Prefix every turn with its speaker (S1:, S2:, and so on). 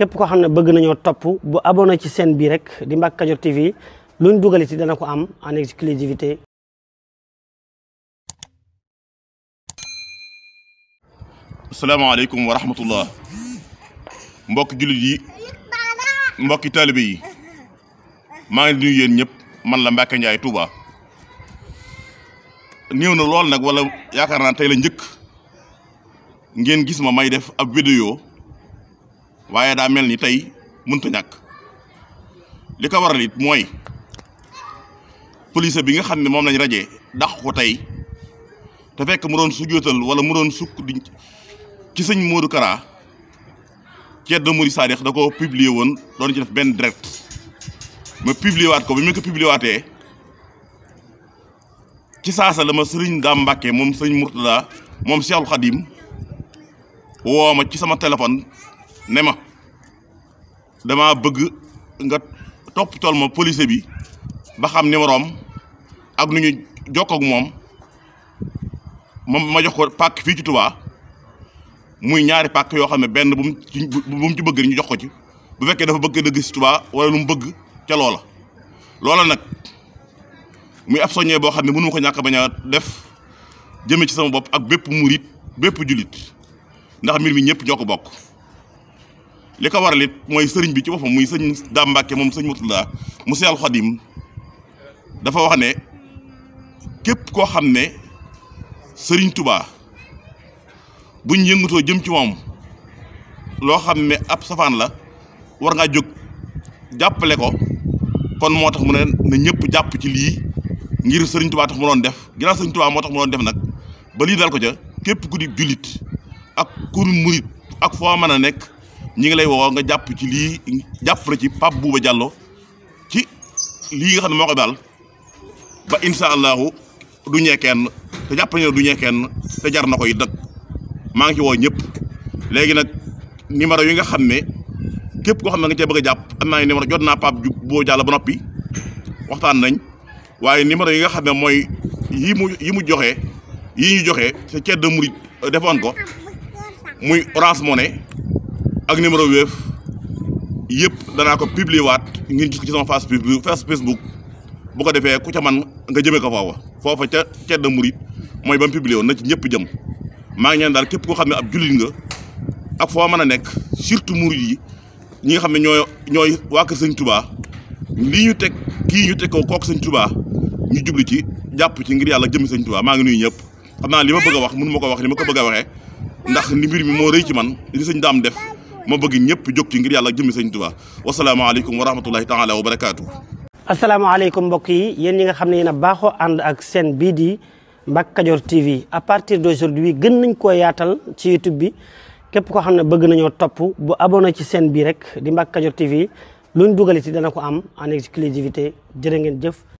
S1: képp koo xam ne bëgg nañoo topp bu abonné ci seen bi rek di Mbacke Kadior TV luñ dugal ci dana ko am en exclusivité
S2: asalaamaaleykum wa rahmatullah mbokki jullit yi mbokki taalibe yi maa ngi nuyu yéen ñëpp man la Mbacke Ndiaye Touba néew na lool nag walla yaakaar naa tey la njëkk ngeen gis ma may def ab vidéo waaye daa mel ni tey mënta ñàkk li ko waral it mooy police bi nga xam ne moom lañ rajee dàq ko tey te fekk mu doon sujjóotal wala mu doon sukk di ci sëñ Modou Kara Thierno Mouride Sadikh da ko publier woon doon ci benn direct ma publier waat ko bi ma ko ci saasa la ma sëriñ Dame Mbacke moom sëriñ Mourtada moom Cheikhul Khadim woo ma ci sama téléphone ne ma dama bëgg nga topp tool ma policier bi ba xam numéroom ak nu ñu jokkoog moom moom ma jox ko pàkk fii ci Touba muy ñaari pàkk yoo xam ne benn bu mu ci bu mu bëgg ñu jox ko ci bu fekkee dafa bëgg dëgg si tubaa wala lu mu bëgg ca loola. loola nag muy ab soññee boo xam ne mënu ko ñàkk bañ a def jëmee ci sama bopp ak bépp murit bépp jullit ndax mbir mi ñëpp ñoo ko bokk. li ko waral it mooy sëriñ bi ci boppam muy sëñ Daam Mbàkke moom sëñ Murtada mu Seexul Xadim dafa wax ne képp koo xam ne sëriñ tubaa buñ yëngatoo jëm ci moom loo xam ne ab safaan la war ngaa jóg jàppale ko kon moo tax mu ne na ñëpp jàpp ci lii ngir sëriñ Tuubaa tax mu doon def ginnaaw sëriñ Tuubaa moo tax mu doon def nag ba lii dal ko ca képp ku di jullit ak ku murit ak foo mën a nekk ñi ngi lay woo nga jàpp ci lii jàpp na ci Pape Bouba Diallo ci lii nga xam ne moo ko daal ba insha allahu du ñee kenn jàpp ne du ñee jar na ko it nag maa ngi ci woo ñëpp léegi nag numéro yi nga xam ne képp koo xam na nga cee bëgg a jàpp am naa numéro jot naa Pape Bouba Diallo ba noppi waxtaan nañ waaye numéro yi nga xam ne mooy yi mu yi mu joxe yi ñu joxe te Ceddo Murid defoon ko muy Orange Money ak numéro Wave yëpp danaa ko publier waat ngeen gis ko ci sama face publique face Facebook bu ko defee ku ca man nga jëmee ko foofa foofa ca Cedda Murit mooy ba mu woon na ci ñëpp jëm maa ngi daal képp koo xam ne ab jullit nga ak mën a nekk surtout murit yi ñi nga xam ne ñooy ñooy waa Sëñ Tuubaa lii ñu teg kii ñu teg ko kook Sëñ Tuubaa ñu jublu ci jàpp ci ngir yàlla jëmi Sëñ Tuubaa maa ngi nuyu ñëpp xam naa li ma bëgg a wax mënu ma ko wax li ma ko bëgg a waxee ndax ni mbir mi moo rëy ci man li sëñ daam def ma bëgg ñëpp jóg ci ngir yàlla jëmmi sëñ Tuubaa wasalaamaaleykum wa rahmatullahi taala wa barakaatu.
S1: asalaamaaleykum mbokk yi yéen yi nga xam ne yéen a baaxoo ànd ak seen bii di Mbacke Kadior TV à partir d'aujourd'hui gën nañ ko yaatal ci YouTube bi képp koo xam ne bëgg nañoo topp bu abonné ci seen bii rek di Mbacke Kadior TV luñ dugaliti dana ko am en exclusivité jërë ngeen jëf.